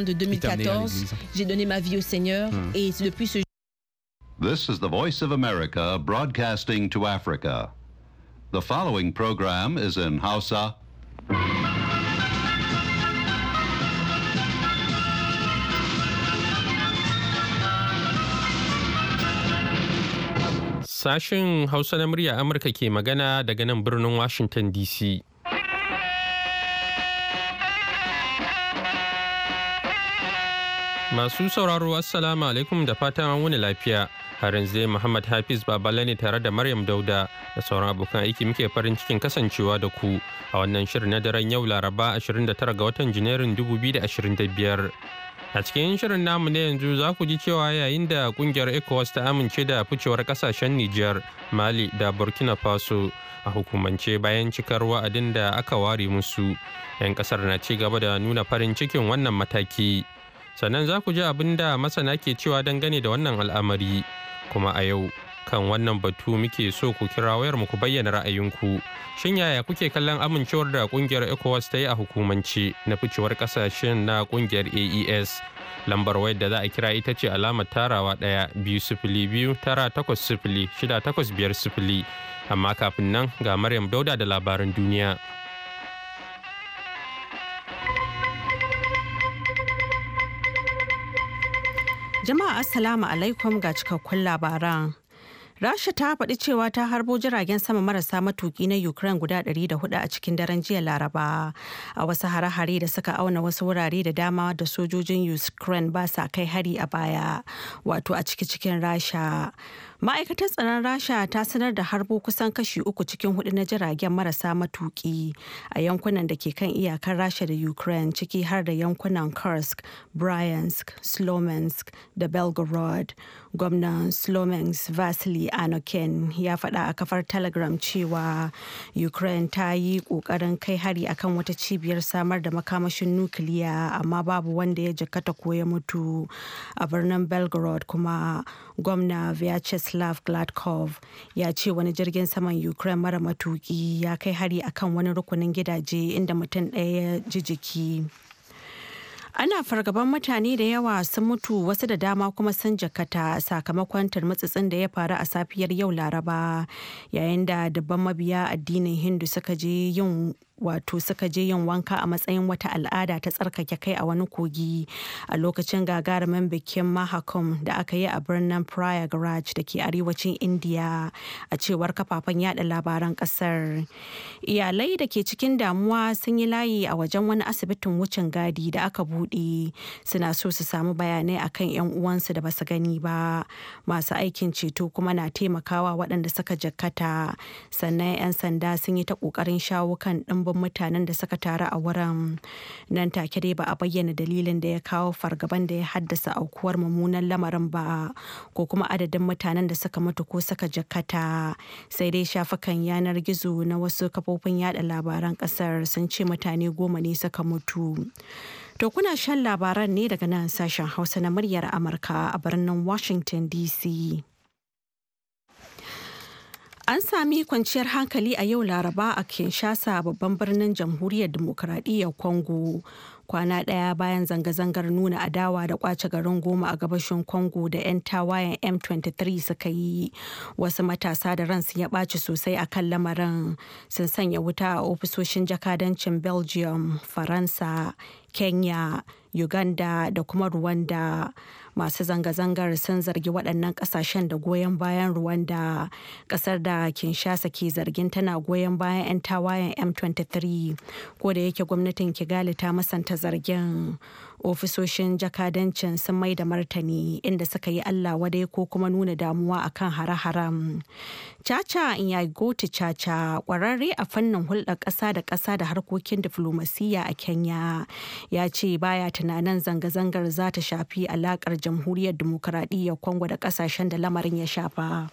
de 2014, j'ai donné ma vie au Seigneur hmm. et depuis ce This is the voice of America broadcasting to Africa. The following program is in Hausa. Sashin Hausa na murya Amurka ke magana daga nan birnin Washington DC. Masu sauraro Assalamu alaikum da fatan an wuni lafiya. Har yanzu Muhammad Hafiz Babala ne tare da Maryam Dauda da sauran abokan aiki muke farin cikin kasancewa da ku a wannan shirin na daren yau Laraba 29 ga watan Janairun 2025. A cikin shirin namu na yanzu za ku ji cewa yayin da kungiyar ECOWAS ta amince da ficewar kasashen Nijar, Mali da Burkina Faso a hukumance bayan cikar wa'adin da aka ware musu. 'Yan kasar na ci gaba da nuna farin cikin wannan mataki. sannan za ku ji abin da masana ke cewa dangane da wannan al'amari kuma a yau kan wannan batu muke so ku kira wayar mu ku bayyana ra'ayinku shin yaya kuke kallon amincewar da kungiyar ecowas ta yi a hukumance na ficewar kasashen na kungiyar aes lambar wayar da za a kira ita ce alamar tarawa ɗaya biyu sifili biyu tara takwas sifili shida takwas biyar sifili amma kafin nan ga maryam dauda da labaran duniya. Jama'a Assalamu alaikum ga cikakkun labaran. Rasha ta faɗi cewa ta harbo jiragen sama marasa matuki na Ukraine guda 104 a cikin daren jiya Laraba a wasu hare-hare da suka auna wasu wurare da dama da sojojin Ukraine ba sa kai hari a baya wato a ciki cikin Rasha. ma'aikatar tsaron rasha ta sanar da harbo kusan kashi uku cikin hudu na jiragen marasa matuki a yankunan da ke kan iyakar rasha da ukraine ciki har da yankunan kursk bryansk Slomensk da belgorod gwamnan Slomensk vasily anokin ya faɗa a kafar telegram cewa ukraine ta yi ƙoƙarin kai hari akan wata cibiyar samar da makamashin nukiliya amma babu wanda ya jikkata ko ya mutu a birnin belgorod kuma gwamna vyacheslav gladkov ya ce wani jirgin saman ukraine mara matuki ya kai hari akan wani rukunin gidaje inda mutum ɗaya ya ji jiki ana fargaban mutane da yawa sun mutu wasu da dama kuma sun jakata sakamakon turmutsutsin da ya faru a safiyar yau laraba yayin da dabban mabiya addinin hindu suka je yin wato suka je yin wanka a matsayin wata al'ada ta tsarkake kai a wani kogi a lokacin gagarumin bikin mahakam da aka yi a birnin prayagraj da ke arewacin indiya a cewar kafafen yada labaran kasar iyalai da ke cikin damuwa sun yi layi a wajen wani asibitin wucin gadi da aka buɗe suna so su samu bayanai akan 'yan uwansu da ba su gani ba masu aikin ceto kuma na taimakawa waɗanda suka jakkata sannan 'yan sanda sun yi ta ƙoƙarin shawo kan ɗin ɗimbin mutanen da suka taru a wurin nan take dai ba a bayyana dalilin da ya kawo fargaban da ya haddasa aukuwar mummunan lamarin ba ko kuma adadin mutanen da suka mutu ko suka jakata sai dai shafukan yanar gizo na wasu kafofin yada labaran kasar sun ce mutane goma ne suka mutu to kuna shan labaran ne daga nan sashen hausa na muryar amurka a birnin washington dc An sami kwanciyar hankali a yau Laraba a Kinshasa babban birnin jamhuriyar demokuraɗiyyar Kongo. Kwana ɗaya bayan zanga-zangar nuna adawa da kwace garin goma a gabashin Congo da 'yan tawayen M23 suka yi. Wasu matasa da ransu ya ɓaci sosai a kan lamarin sun sanya wuta a ofisoshin jakadancin Belgium, Faransa, kenya uganda da kuma rwanda masu zanga-zangar sun zargi waɗannan ƙasashen da goyon bayan rwanda ƙasar da kinshasa ke zargin tana goyon bayan 'yan tawayen m23 ko da yake gwamnatin kigali ta masanta zargin ofisoshin jakadancin sun mai da martani inda suka yi allah wadai ko kuma nuna damuwa akan hare-haren caca goti caca kwararre a fannin hulɗar ƙasa da ƙasa da harkokin diflomasiyya a kenya ya ce baya tunanin zanga-zangar za ta shafi alaƙar jamhuriyar dimokuraɗiyyar kongo da ƙasashen da lamarin ya shafa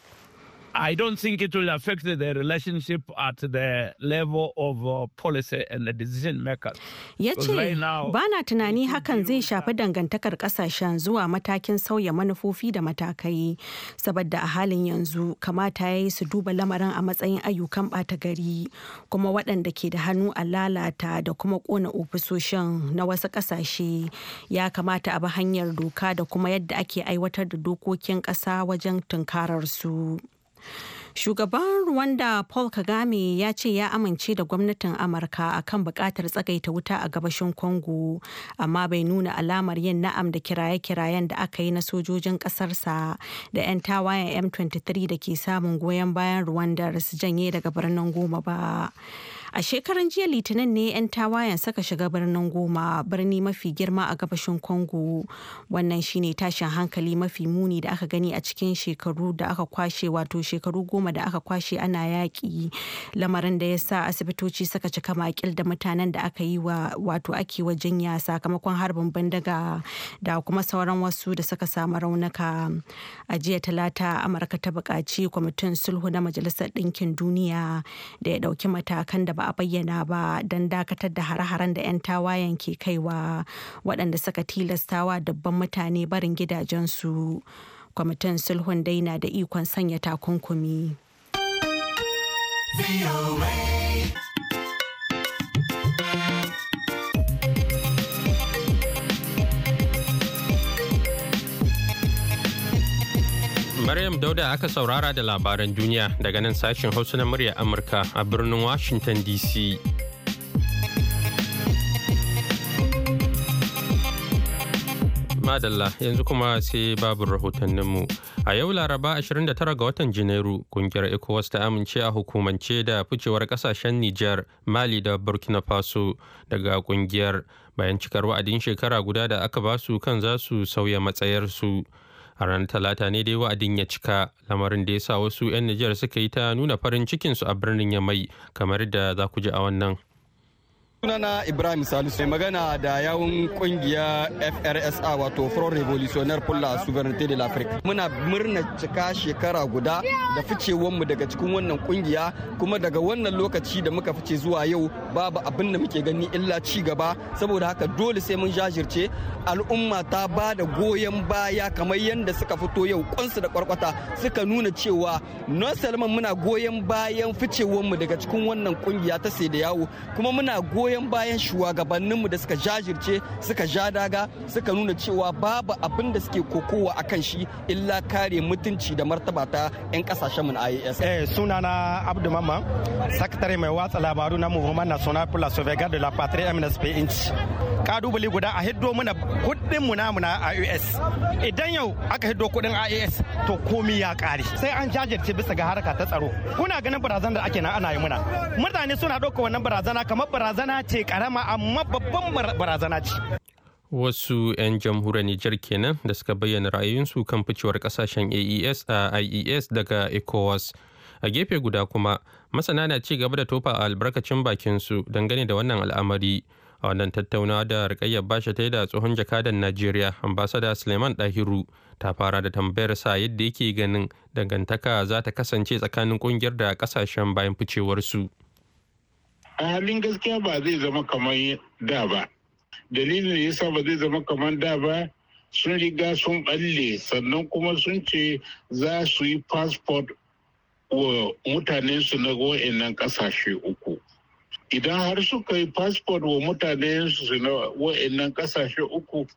I don't think it will affect the relationship at the level of uh, policy and the decision makers. Ya ce, ba na tunani hakan zai shafi dangantakar kasashen zuwa matakin sauya manufofi da matakai, saboda a halin yanzu kamata ya yi su duba lamarin a matsayin ayyukan ɓata gari, kuma waɗanda ke da hannu a lalata da kuma ƙona ofisoshin na wasu ƙasashe ya kamata a bi hanyar doka da kuma yadda ake aiwatar da dokokin ƙasa wajen tunkararsu. su. Shugaban Rwanda Paul Kagame ya ce ya amince da gwamnatin Amurka akan bukatar tsagaita wuta a gabashin Congo, amma bai nuna alamar yin na'am da kiraye-kirayen da aka yi na sojojin ƙasarsa da 'yan tawayen M23 da ke samun goyon bayan Rwanda su janye daga birnin Goma ba. A shekaran jiya Litinin ne 'yan tawayen suka shiga birnin Goma, birni mafi girma a gabashin Congo. Wannan shine tashin hankali mafi muni da aka gani a cikin shekaru da aka kwashe wato shekaru goma da aka kwashe ana yaƙi. Lamarin da ya sa asibitoci suka cika makil da mutanen da aka yi wa wato ake wa ya sakamakon harbin bindiga da kuma sauran wasu da suka samu raunuka. A jiya Talata Amurka ta buƙaci kwamitin sulhu na Majalisar Ɗinkin Duniya da ya ɗauki matakan da ba a bayyana ba don dakatar da hare-haren da 'yan tawayen ke kaiwa waɗanda suka tilastawa dubban mutane barin gidajensu kwamitin sulhun daina da ikon sanya takunkumi. Maryam Dauda aka saurara da labaran duniya daga nan sashen Hausa na murya Amurka a birnin Washington DC. Madalla yanzu kuma sai babu rahotanninmu. A yau Laraba 29 ga watan Janairu, kungiyar ECOWAS ta amince a hukumance da ficewar kasashen Nijar, Mali da Burkina Faso daga kungiyar bayan cikar wa'adin shekara guda da aka basu kan za su sauya matsayarsu. a ranar talata ne dai wa'adin ya cika lamarin da ya sa wasu 'yan nijar suka yi ta nuna farin cikinsu a birnin ya mai kamar da za ku ji a wannan sunana ibrahim salisu magana da yawun kungiya frsa wato front revolutionnaire pour la souveraineté de l'afrique muna murna cika shekara guda da ficewanmu daga cikin wannan kungiya kuma daga wannan lokaci da muka fice zuwa yau babu abin da muke gani illa ci gaba saboda haka dole sai mun jajirce al'umma ta ba da goyon baya kamar yadda suka fito yau kunsu da kwarkwata suka nuna cewa non salman muna goyon bayan ficewanmu daga cikin wannan kungiya ta sai da yawo kuma muna goyon goyon bayan shugabanninmu da suka jajirce suka ja daga suka nuna cewa babu abin da suke kokowa a kan shi illa kare mutunci da martaba ta 'yan kasashen mu na IAS. Eh sunana Abdu Mamman, sakatare mai watsa labaru na Muhammad National pour la Sauvegarde de la Patrie MNSP Inch. Kadubali guda a hiddo muna kudin mu namu na IAS. Idan yau aka hiddo kudin IAS to komi ya kare. Sai an jajirce bisa ga harka ta tsaro. Kuna ganin barazan da ake na ana yi muna. Mutane suna ɗauka wannan barazana kamar barazana ce karama amma babban barazana ce wasu 'yan jamhuriyar Nijar kenan da suka bayyana ra'ayinsu kan ficewar kasashen AES a IES e daga ECOWAS. A gefe guda kuma, masana na ci gaba da tofa a albarkacin bakinsu dangane da wannan al'amari. A wannan tattaunawa da rikayyar bashi ta yi da tsohon jakadan Najeriya, ambasada Suleiman Dahiru ta fara da tambayar sa yadda yake ganin dangantaka za ta kasance tsakanin kungiyar da kasashen bayan ficewarsu. a halin gaskiya ba zai zama kamar da ba dalilin da yasa ba zai zama kamar da ba sun riga sun balle sannan kuma sun ce za su yi passport wa mutanensu na wa'annan kasashe uku idan har suka yi passport wa mutanensu na wa'annan kasashe uku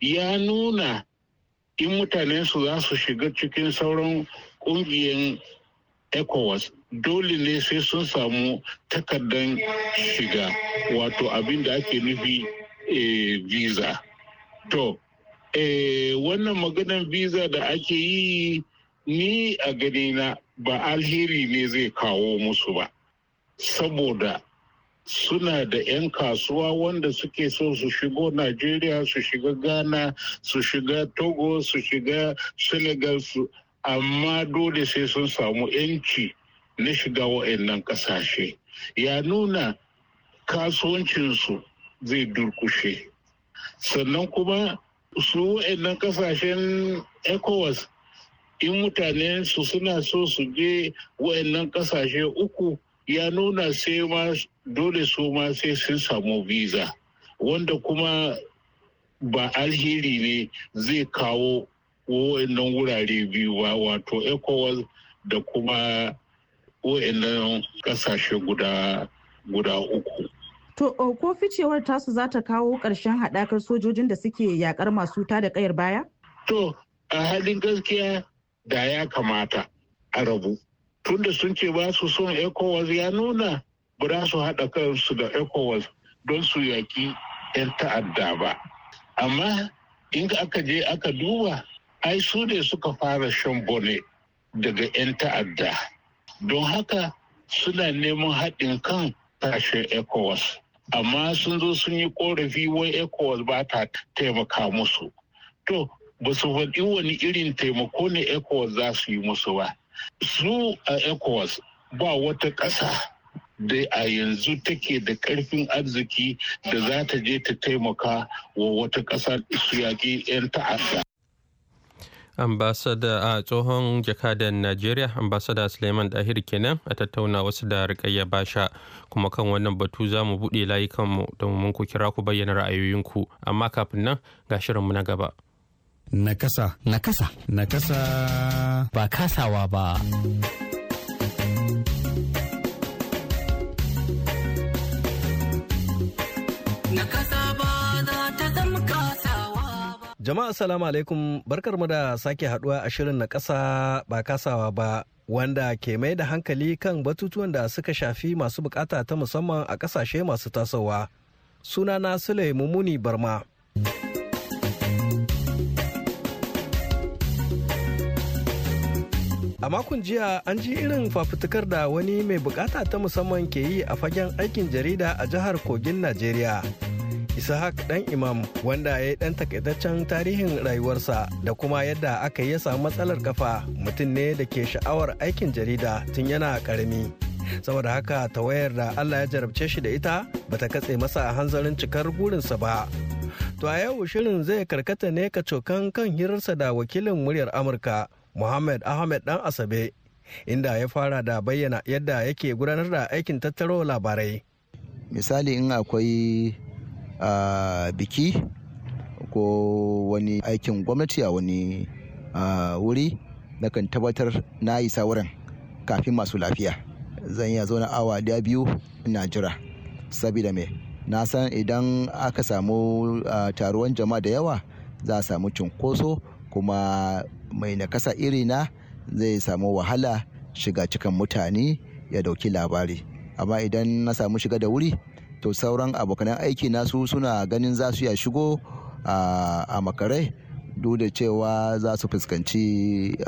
ya nuna in mutanensu za su shiga cikin sauran ƙungiyar ecowas dole ne sai sun samu takardan shiga wato abin da ake nufi eh, visa to eh, wannan maganan visa da ake yi ni a gani na ba alheri ne zai kawo musu ba saboda suna da 'yan kasuwa wanda suke so su shigo Najeriya su shiga Ghana su shiga Togo su shiga Senegal su amma dole sai sun samu 'yanci na shiga wa'annan kasashe ya nuna kasuwancinsu zai durkushe sannan kuma su wa'annan kasashen ecowas in mutane su suna so su je wa'annan kasashe uku ya nuna sai ma dole su ma sai sun samu visa wanda kuma ba alheri ne zai kawo wa'annan wurare biyu ba wato ecowas da kuma wa'annan kasashe guda guda uku to uh, ko ficewar tasu za ta kawo ƙarshen haɗakar sojojin da suke yakar masu ta da ƙayar baya to a halin gaskiya da ya kamata a rabu tunda sun ce ba su son ecowas ya nuna ba su haɗa kansu da ecowas don su yaki 'yan ta'adda ba amma in aka je aka duba ai su ne suka fara shan bone daga 'yan ta'adda don haka suna neman haɗin kan tashin ecowas amma sun zo sun yi korafi wai ecowas ba ta taimaka musu to ba su faɗi wani irin taimako ne ecowas za su yi musu ba su a ecowas ba wata ƙasa da a yanzu take da ƙarfin arziki da za ta je ta taimaka wa wata ƙasa su yaƙi 'yan ta'adda ambasada a tsohon jakadan najeriya ambasada suleiman dahir kenan a tattauna wasu da rikayya basha kuma kan wannan batu za mu buɗe layukanmu domin ku kira ku bayyana ra'ayoyinku amma kafin nan ga shirinmu na gaba nakasa nakasa nakasa ba kasawa ba Jama'a salamu alaikum barkar mu da sake haduwa a shirin na kasa ba kasawa ba wanda ke mai da hankali kan batutuwan da suka shafi masu bukata ta musamman a kasashe masu tasowa. Sunana Sule Mumuni Barma. A makon jiya an ji irin fafutukar da wani mai bukata ta musamman ke yi a fagen aikin jarida a jihar Kogin Najeriya. isahak dan Imam wanda ya yi dan takaitaccen tarihin rayuwarsa da kuma yadda aka yi samu matsalar kafa mutum ne da ke sha'awar aikin jarida tun yana karami. saboda haka ta wayar da Allah ya jarabce shi da ita bata katse masa a hanzarin cikar burinsa ba. To a yau shirin zai karkata ne ka cokan kan hirarsa da wakilin muryar Amurka Muhammad Ahmed dan Asabe inda ya fara da bayyana yadda yake gudanar da aikin tattaro labarai. Misali in akwai A biki ko wani aikin gwamnati a wani wuri nakan tabbatar na yi wurin kafin masu lafiya zan iya zauna awa daya biyu na jira sabida me na san idan aka samu taruwan jama'a da yawa za a samu cunkoso kuma mai nakasa na zai samu wahala shiga cikin mutane ya dauki labari amma idan na samu shiga da wuri to sauran abokanan aiki nasu suna ganin za su ya shigo a makare duk da cewa za su fuskanci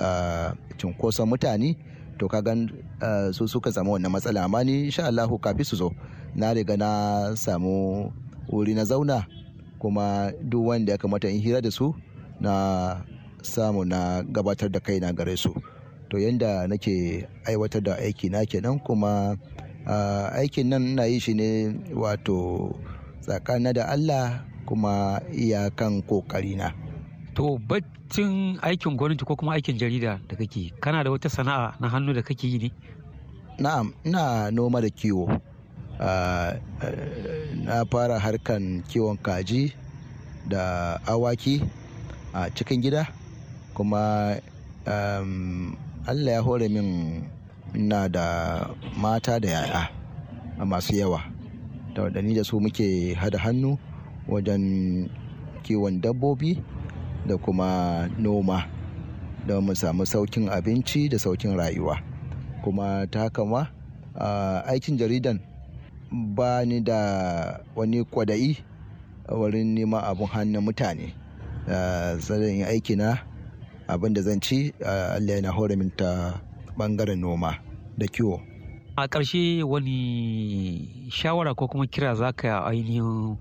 cunkoson mutane to ka gan su suka samu wannan matsala amma ni insha Allah kafin su zo na riga na samu wuri na zauna kuma duk wanda ya kamata in hira da su na samu na gabatar da kaina gare su to yanda nake aiwatar da aiki na kenan kuma aikin nan na yi shi ne wato tsakana da allah kuma iyakan kokarina to baccin aikin gwamnati ko kuma aikin jarida da kake kana da wata sana'a na hannu da kake yi ne na'am ina noma da kiwo na fara harkan kiwon kaji da awaki a cikin gida kuma allah ya hore min ina da mata da 'ya'ya a masu yawa da ni da su muke hada hannu wajen kiwon dabbobi da kuma noma don mu samu saukin abinci da saukin rayuwa kuma ta kama ma aikin jaridan ba ni da wani kwada'i wurin neman abin hannun mutane tsarin aikina abin da zan ci allah yana horaminta. bangaren noma da kiwo a ƙarshe wani shawara ko kuma kira za ka ainihin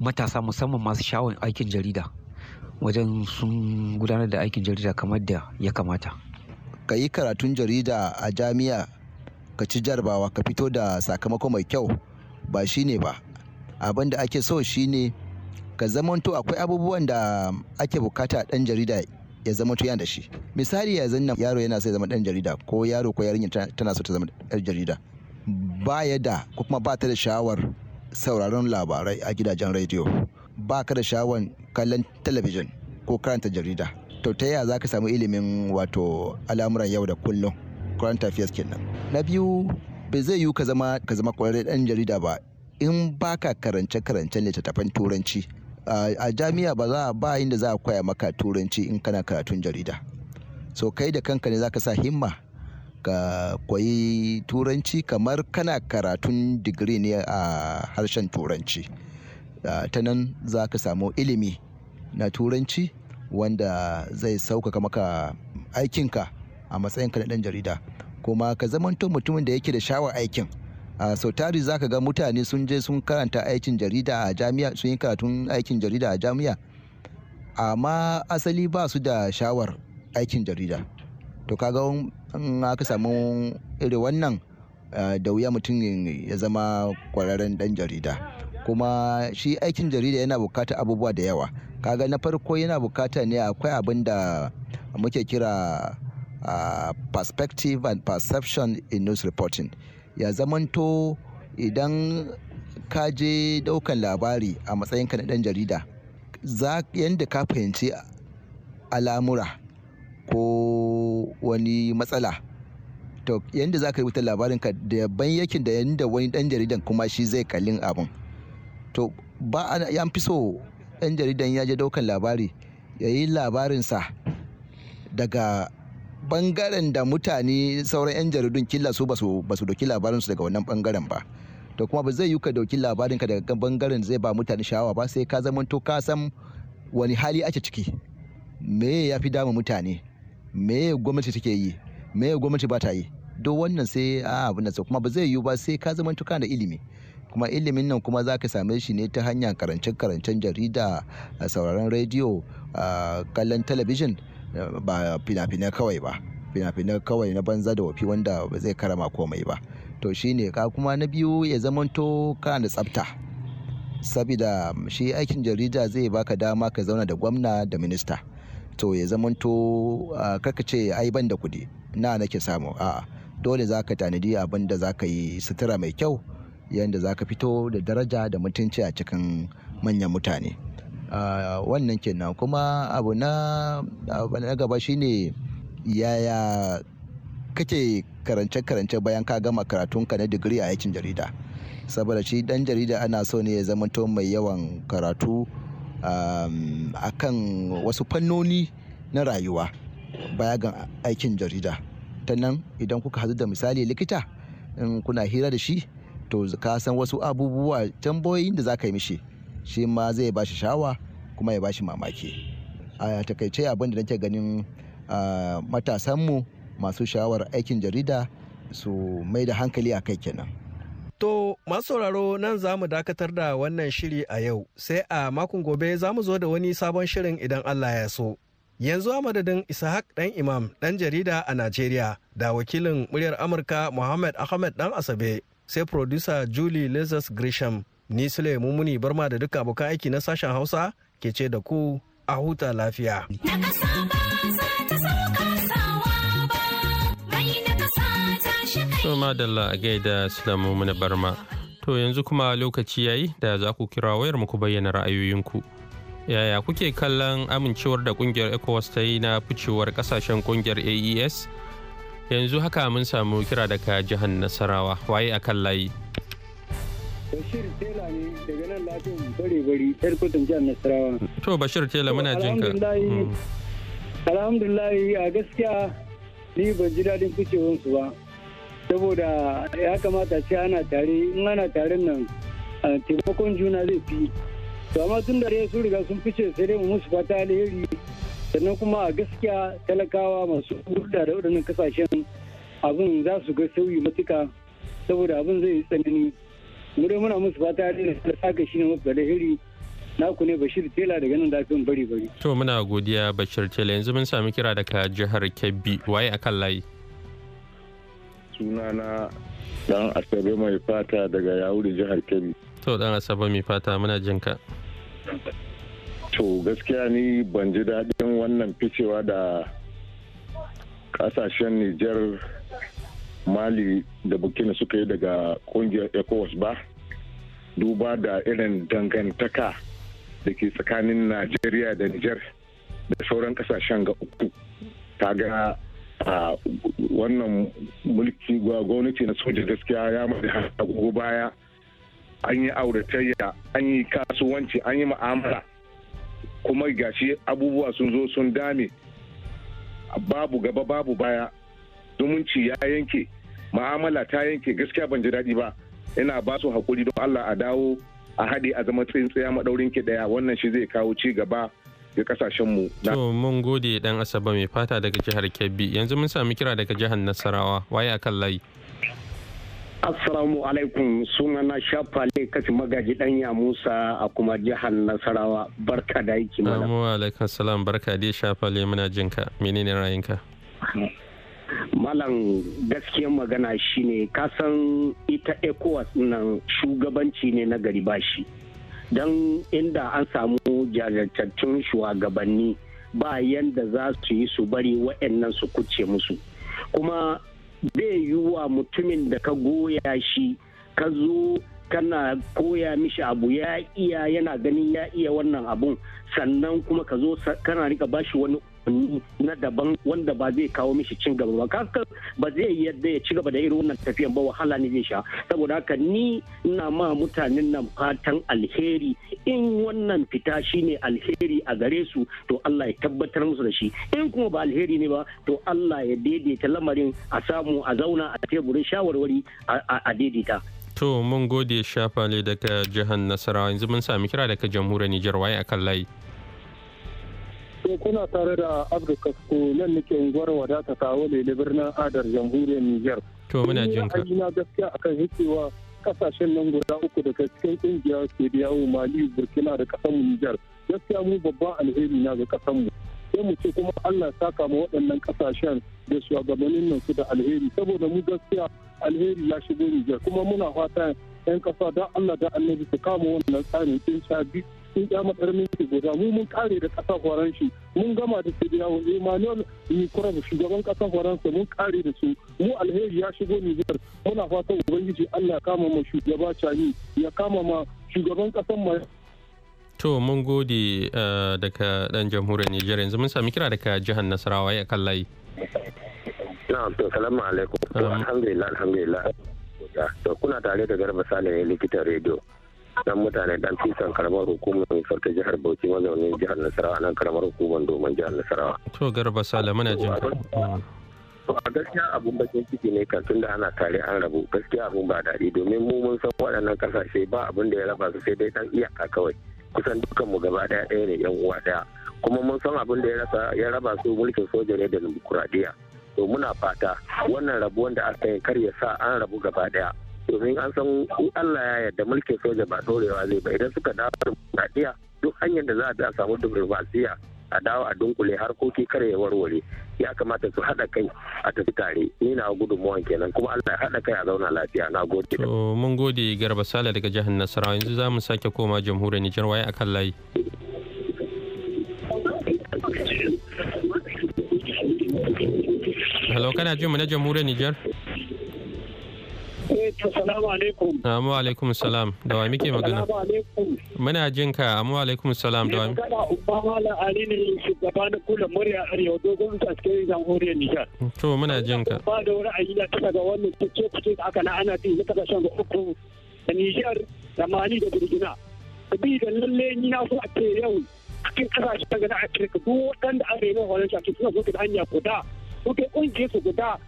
matasa musamman masu shawon aikin jarida wajen sun gudanar da aikin jarida kamar da ya kamata ka yi karatun jarida a jami'a ka ci jarabawa ka fito da sakamako mai kyau ba shi ne ba abin da ake so shi ne ka zamanto akwai abubuwan da ake bukata ɗan jarida ya zama to da shi misali ya zanna yaro yana sai zama dan jarida ko yaro ko yarinya tana so ta zama dan jarida ba ya da ko kuma ba ta da shawar sauraron labarai a gidajen rediyo ba ka da shawar kallon talabijin ko karanta jarida to ta yaya za ka samu ilimin wato al'amuran yau da kullum current affairs kenan na biyu bai zai yiwu ka zama ka zama kwararren dan jarida ba in baka karance karancen littattafan turanci a jami'a ba za ba inda za a koya maka turanci in kana karatun jarida so kai da kanka ne za ka sa himma ka koyi turanci kamar kana karatun digiri ne a harshen turanci ta nan za ka samu ilimi na turanci wanda zai sauƙaƙa maka aikinka a matsayinka na ɗan jarida kuma ka zamanto mutumin da yake da sha'awar aikin a ah, sau tari za ka ga mutane sun je sun karanta aikin jarida a jami'a sun yi karatun aikin jarida a jami'a amma asali ba su da shawar aikin jarida to kaga in aka samu irin wannan ah, da wuya mutum ya zama kwararren dan jarida kuma shi aikin jarida yana bukata abubuwa da yawa kaga na farko yana bukata ne akwai abin da muke kira uh, perspective and perception in news reporting ya zamanto idan ka je ɗaukan labari a matsayinka na dan jarida, za yanda ka fahimci al'amura ko wani matsala, to yanda za ka rubuta labarinka daban ka da yanda wani ɗan jaridan kuma shi zai kalli abin To ba ana, fi so ɗan jaridan ya je ɗaukan labari ya yi labarinsa daga. bangaren da mutane sauran 'yan jaridun killa su ba su doki su daga wannan bangaren ba to kuma ba zai yi ka doki ka daga bangaren zai ba mutane sha'awa ba sai ka to ka san wani hali ake ciki me ya fi dama mutane me gwamnati take yi me gwamnati ba ta yi Do wannan sai a abin da kuma ba zai yi ba sai ka zamanto ka da ilimi kuma ilimin nan kuma za ka same shi ne ta hanyar karance-karancen jarida a sauraron rediyo kallon talabijin ba fina-finai kawai ba fina-finai kawai na banza da wafi wanda ba zai karama komai ba to shine ka kuma na biyu ya zamanto ka da tsafta sabida um, shi aikin jarida zai baka dama ka zauna da gwamna da minista to ya zamanto kaka ce ai ban da kuɗi na nake samu a'a dole za ka tanadi abin da za ka yi sutura mai kyau yadda za ka fito da daraja da mutunci a cikin manyan mutane wannan kenan kuma abu na gaba shine yaya kake karance-karance bayan ka gama karatun ka na digiri a aikin jarida saboda shi dan jarida ana so ne ya zamanto mai yawan karatu a kan wasu fannoni na rayuwa baya ga aikin jarida ta nan idan kuka hadu da misali likita in kuna hira da shi to ka san wasu abubuwa tambayoyin da za ka yi mishi shi ma zai bashi shawa kuma ya ba shi mamaki a takaice abin da nake ganin matasanmu masu shawar aikin jarida su mai da hankali a kai kenan To masu sauraro nan za mu dakatar da wannan shiri a yau sai a makon gobe za mu zo da wani sabon shirin idan Allah ya so. Yanzu a madadin Ishaq ɗan Imam dan jarida a Najeriya da wakilin muryar Amurka Muhammad Ahmed dan Asabe sai producer Julie lizas Grisham ni sule muni barma da duka abokan aiki na sashen hausa ke ce da ku a huta lafiya to madalla a gaida sulamu muni barma to yanzu kuma lokaci yayi da za ku kira wayar mu ku bayyana ra'ayoyinku yaya kuke kallon amincewar da kungiyar ecowas ta yi na ficewar kasashen kungiyar aes yanzu haka mun samu kira daga jihar nasarawa waye a kan layi Bashir Tela ne daga nan lafiyan bare bari yar kudin jihar Nasarawa. To Bashir Tela muna jin ka. Hmm. a gaskiya ni ban ji daɗin ficewansu ba. Saboda ya kamata ce ana tare in ana tare nan taimakon juna zai fi. To amma tun da sun riga sun fice sai dai mu musu fata alheri sannan kuma a gaskiya talakawa masu hulɗa da waɗannan kasashen abin za su ga sauyi matuka saboda abin zai yi tsanani. mu muna musu fata ne da saka shi ne mafi alheri naku ne bashir tela daga nan lafiyan bari bari to muna godiya bashir tela yanzu mun sami kira daga jihar kebbi waye a kan layi sunana dan asabe mai fata daga yawuri jihar kebbi to dan asabe mai fata muna jin ka to gaskiya ni ban ji daɗin wannan ficewa da kasashen nijar mali da burkina suka yi daga kungiyar ecowas ba duba da irin dangantaka da ke tsakanin najeriya da niger da sauran kasashen ga uku ta a wannan mulki gwamnati na soja gaskiya ya mada agogo baya an yi auratayya an yi kasuwanci an yi ma'amala kuma gashi abubuwa sun zo sun dame babu gaba babu baya zumunci ya yanke ma'amala ta yanke gaskiya ban ji daɗi ba ina ba su hakuri don Allah a dawo a haɗe a zama tsintsiya maɗaurin ki ɗaya wannan shi zai kawo ci gaba ga kasashen mu. To mun gode dan Asaba mai fata daga jihar Kebbi yanzu mun sami kira daga jihar Nasarawa waye akan layi. Assalamu alaikum sunana shafa ne kashi magaji danya Musa a kuma jihar Nasarawa barka da yake mana. Assalamu alaikum salam barka dai shafa le muna jinka menene rayinka. malam gaskiyar magana shine kasan ita ecowas nan shugabanci ne na gari bashi don inda an samu jajirtattun shugabanni ba yanda za su yi su bari wa'annan su kuce musu kuma bai yiwuwa mutumin da ka goya shi ka zo kana koya mishi abu ya iya yana ganin ya iya wannan abun sannan kuma ka zo kana rika bashi wani wasanni na daban wanda ba zai kawo mishi cin gaba ba kaka ba zai yi yadda ya ci gaba da irin wannan tafiyan ba wahala ne zai sha saboda haka ni ina ma mutanen nan fatan alheri in wannan fita shine alheri a gare su to Allah ya tabbatar musu da shi in kuma ba alheri ne ba to Allah ya daidaita lamarin a samu a zauna a teburin shawarwari a daidaita To mun gode shafale daga jihar Nasarawa yanzu mun sami kira daga jamhuriyar Nijar waye akan layi. To kuna tare da afirka Kasko nan nake unguwar wadata kawo ne da birnin Adar jamhuriyar Nijar. To muna jin ka. Ina gaskiya akan hicewa kasashen nan guda uku daga cikin kungiya ke da Mali Burkina da mu Nijar. Gaskiya mu babban alheri na ga kasan mu. sai mu ce kuma Allah saka ma waɗannan kasashen da shugabannin nan su da alheri saboda mu gaskiya alheri ya shigo Nijar kuma muna fata 'yan kasa don Allah da annabi su kama wannan tsarin tsin sha biyu sun kyama karmin ki guda mu mun kare da kasa horon shi mun gama da su yawo emmanuel nikurab shugaban kasa ƙasar faransa mun kare da su mu alheri ya shigo nijar muna fatan ubangiji allah ya kama ma shugaba Chani ya kama ma shugaban kasan ma to mun gode eh, daga dan jamhuriyar nijar yanzu mun sami kira daga jihar nasarawa ya kan layi na'am to salamu alaikum alhamdulillah alhamdulillah to kuna tare da garba sale likitan rediyo dan mutane dan fisan karamar hukumar farka jihar Bauchi mazaunin jihar Nasarawa nan karamar hukumar domin jihar Nasarawa. To garba sala muna jin. Mm. a gaskiya abun bakin ciki ne kan da ana tare an rabu gaskiya abun ba daɗi domin mu mun san waɗannan kasashe ba abun da ya raba su sai dai dan iyaka kawai kusan dukan mu gaba daya ɗaya ne yan uwa daya kuma mun san abun da ya raba su mulkin soja ne da dimokuraɗiyya to muna fata wannan rabuwan da aka yi kar ya sa an rabu gaba daya domin an san in Allah ya yarda mulkin soja ba dorewa zai ba idan suka dawo da duk hanyar da za a da samu demokradiyya a dawo a dunkule harkoki kare ya warware ya kamata su hada kai a tafi tare ni na mawan kenan kuma Allah ya haɗa kai a zauna lafiya na gode to mun gode garba sala daga jihar nasarawa yanzu za mu sake koma jamhuriyar nijar waye akan layi hello kana jin mu na jamhuriyar nijar Assalamu alaikum. Ah, alaikum salam. Da wai muke magana? Assalamu alaikum. Muna jin ka. Assalamu alaikum salam. Da wai? muke? Kada Umma Mala Ali ne shugaba na kula murya Arewa dogon ta cikin jamhuriyar Nijar. To muna jin ka. Ba da ra'ayi da ta daga wannan tace fice da aka na ana ci na kasashen da uku da Nijar da Mali da Burkina. bi da lalle ni na so a ce yau cikin kasashen daga na Afirka duk waɗanda Arewa Horon shafi suna zo ta hanya guda. Kuke ƙungiyar su guda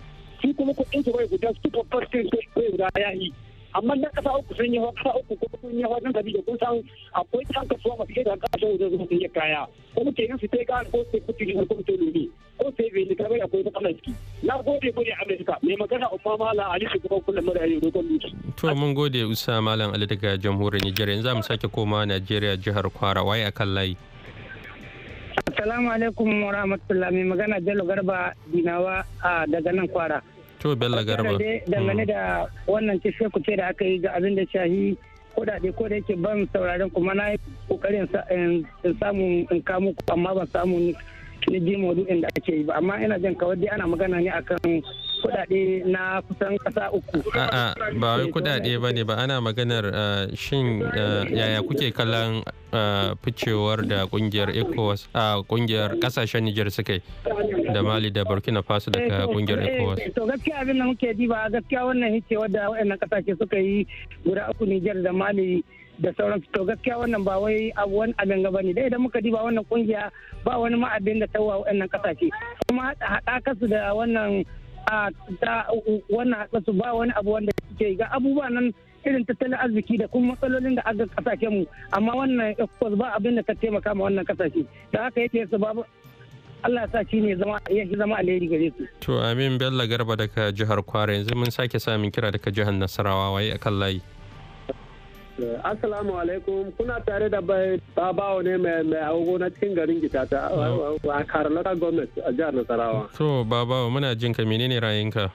su kuma kudin su bai guda su kuma fasin bai guda ya yi amma na kasa uku sun yi kasa uku ko sun yi wannan sabi da kun san akwai ɗan kasuwa masu kai da kasashen wajen zuwa sun yi kaya ko ke yin su sai kawai ko sai kuɗi ne ko sai lori ko sai bai nika bai akwai matsalar ciki na gode gode amurka mai magana umma malam ali kuma kullum mara yi roƙon lutu. to mun gode usa malam ali daga jamhuriyar nigeria yanzu za mu sake koma najeriya jihar kwara waye akan layi. Assalamu alaikum wa rahmatullah mai magana Bello Garba Dinawa a daga nan kwara. To Bello Garba. Dangane mm. da wannan ce da aka yi ga abin da shahi kudade ko da yake ban sauraron kuma na yi kokarin in samu in ku amma ban samu ni ji maudu'in da ake yi ba amma ina jin kawai dai ana magana ne akan kudade na kusan kasa uku. A'a ba wai kudade ba ne ba ana maganar uh, shin uh, yaya kuke kallon uh, ficewar da kungiyar ECOWAS a kungiyar kasashen Nijar suke da Mali da Burkina Faso daga eh, kungiyar eh, ECOWAS. To gaskiya abin da muke diba gaskiya wannan hicewar da waɗannan kasashe suka yi guda uku Nijar da Mali da sauran to gaskiya wannan ba wai wani abin gaba ne da idan muka diba wannan kungiya ba wani ma'abin da ta wa wannan kasashe kuma haɗa kasu da wannan ta wannan haɗasu ba wani abu wanda suke ga abubuwa nan irin tattalin arziki da kuma matsalolin da aka kasashen mu amma wannan ekos ba abin da ta taimaka ma wannan kasashe da haka yake su babu Allah sa shi ne zama ya shi zama alheri gare su. To Amin Bello Garba daga jihar Kwara yanzu mun sake samun kira daga jihar Nasarawa waye akan layi. Eh, Assalamu alaikum kuna tare da bai babawo ne mai agogo na cikin garin ta a karnata gwamnati a jihar Nasarawa. To babawo muna jin ka menene ra'ayinka?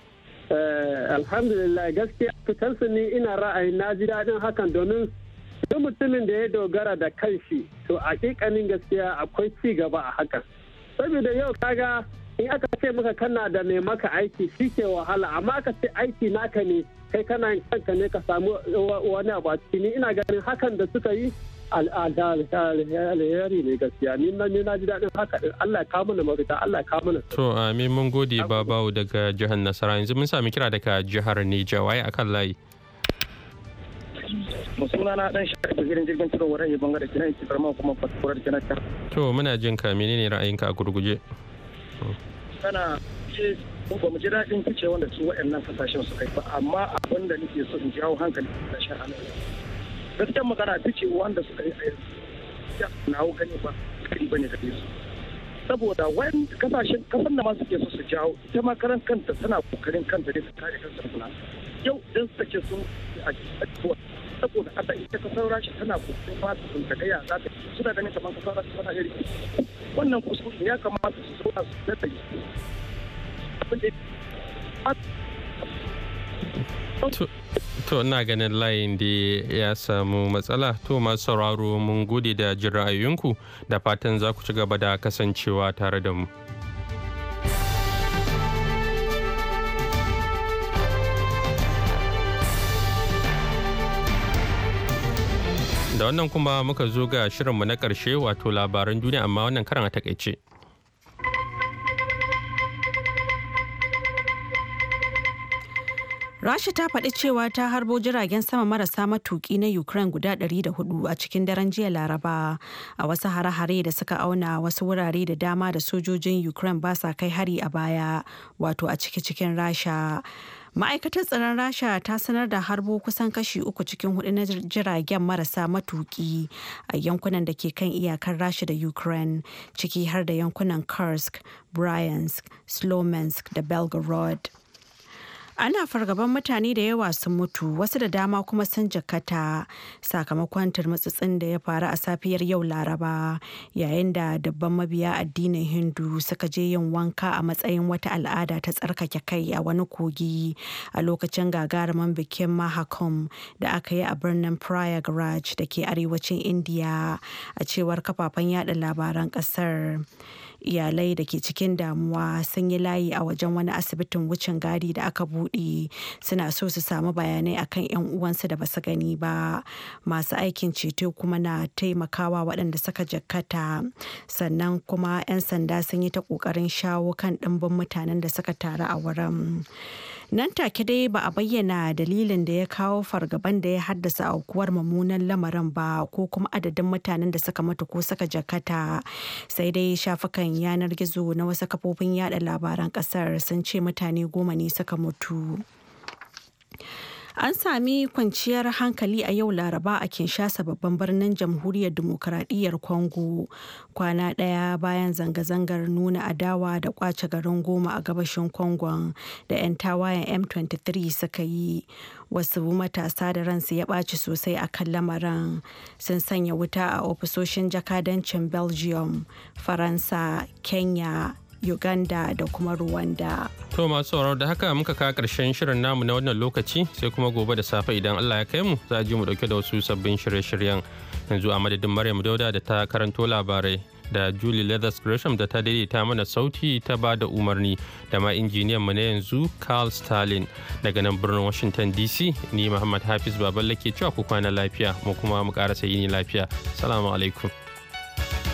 Eh, alhamdulillah gaskiya fitar ni ina ra'ayi na ji daɗin hakan domin duk mutumin da ya dogara da kanshi to a gaskiya akwai ci gaba a hakan. Saboda yau kaga in aka ce maka kana da mai maka aiki shi ke wahala amma aka ce aiki naka ne kai kana yin kanka ne ka samu wani abu a ciki ina ganin hakan da suka yi alheri ne gaskiya ni na ni na ji daɗin haka din Allah ya kawo mana mafita Allah ya kawo mana to amin mun gode babawo daga jihar Nasara yanzu mun sami kira daga jihar niger waye akan layi musuna na dan shaka da gidan jirgin tura wurin ya bangare kina ki karma kuma fasfurar kina to muna jin ka menene ra'ayinka a gurguje tana ce ba mu ji daɗin fice wanda su waɗannan kasashen su kai ba amma abin da nake so in jawo hankali a shan alaƙa Gaskiya magana fice wanda suka yi a yanzu na hau gani ba kari bane gare su saboda wayan kasashen kasan da ma suke so su jawo ita ma karan kanta tana kokarin kanta ne ta kare kansa yau idan suka sun a cikin saboda haka ita ka saura shi tana kokarin ba su ta gaya za ta suna ganin kamar ka saura fara iri wannan kuskure ya kamata su zauna su da yi To ina ganin layin da ya samu matsala to masu sauraro mun gode da jin ra'ayoyinku da fatan za ku ci gaba da kasancewa tare da mu. Da wannan kuma muka zo ga shirinmu na karshe wato labaran duniya amma wannan karan a takaice. Rasha ta faɗi cewa ta harbo jiragen sama marasa matuƙi na Ukraine guda 104 a cikin daren jiya Laraba a wasu hare-hare da suka auna wasu wurare da dama da sojojin Ukraine ba sa kai hari a baya wato a ciki cikin Rasha. ma'aikatar tsaron rasha ta sanar da harbo kusan kashi uku cikin hudu na jiragen marasa matuki a yankunan da ke kan iyakar rasha da ukraine ciki har da yankunan kursk bryansk slomansk da belgorod ana fargaban mutane da yawa sun mutu wasu da dama kuma sun jakata sakamakon turmutsutsin da ya faru a safiyar yau laraba yayin da dabban mabiya addinin hindu suka je yin wanka a matsayin wata al'ada ta tsarkake kai a wani kogi a lokacin gagarumin bikin mahakam da aka yi a birnin prayagraj da ke arewacin indiya a cewar kafafen yada labaran kasar iyalai da ke cikin damuwa sun yi layi a wajen wani asibitin wucin gadi da aka buɗe suna so su samu bayanai akan 'yan uwansu da basu gani ba masu aikin ceto kuma na taimakawa waɗanda suka jakkata sannan kuma 'yan sanda sun yi ta ƙoƙarin shawo kan ɗimbin mutanen da suka taru a wurin Nan take dai ba a bayyana dalilin da ya kawo fargaban da ya haddasa aukuwar mummunan lamarin ba ko kuma adadin mutanen da suka mutu ko suka jakata sai dai shafukan yanar gizo na wasu kafofin yada labaran kasar sun ce mutane goma ne suka mutu. An sami kwanciyar hankali a yau Laraba a Kinshasa babban birnin jamhuriyar demokuraɗiyyar Congo kwana ɗaya bayan zanga-zangar nuna adawa da kwace garin goma a gabashin Congo da 'yan tawayen M23 suka yi. Wasu matasa da ransu ya ɓaci sosai a kan lamarin sun sanya wuta a ofisoshin jakadancin Belgium, Faransa, Kenya, Uganda da kuma Rwanda. To masu sauraro da haka muka kawo karshen shirin namu na wannan lokaci sai kuma gobe da safe idan Allah ya kai mu za a ji mu dauke da wasu sabbin shirye-shiryen yanzu a madadin Maryam Dauda da ta karanto labarai da Julie Leathers Gresham da ta daidaita mana sauti ta ba da umarni da ma injiniyan mu na yanzu Carl Stalin daga nan birnin Washington DC ni Muhammad Hafiz Baballe ke cewa ku kwana lafiya mu kuma mu karasa yini lafiya. Salamu alaikum.